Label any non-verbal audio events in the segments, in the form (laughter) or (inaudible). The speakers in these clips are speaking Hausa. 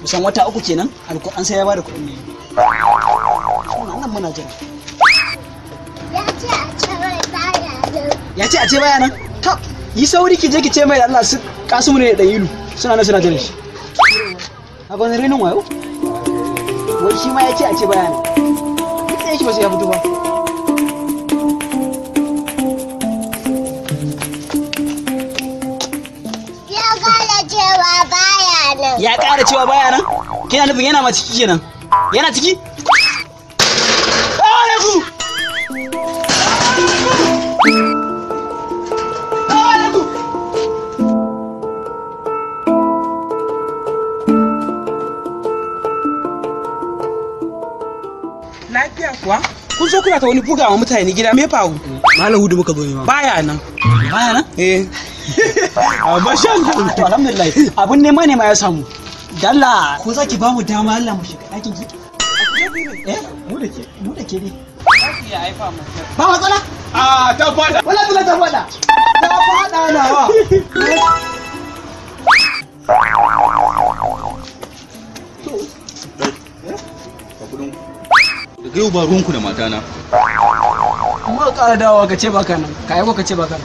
kusan wata uku kenan an sai ya bada kuɗin ne wannan nan ya ce a ce baya nan yi sauri ki je ki ce mai da Allah su kasu ne da yilu suna nan suna jira shi a ga rinin wayo wai shi ma ya ce a ce baya nan duk da yake ba sai ya fito ba ya gane cewa ya ƙara cewa baya nan kina nufin yana ma ciki kenan yana ciki ah, ah, kuwa? Kun so kuna ta wani wa mutane gida me faru? Malam Hudu muka zo ne ma. Baya nan. Baya nan? Eh. Ah, bashan (laughs) to alhamdulillah abun nema ne ma ya samu dalla ko zaki ba mu dama Allah mu shiga ɗakin ki eh mu da ke mu da ke ne ba matsala a ah, ta fada wala ta ta fada ta fada nawa Daga yau ba ruwanku da matana. Kuma ƙara dawowa ka ce ba kana, ka yi ka ce ba kana.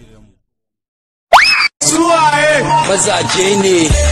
up, ne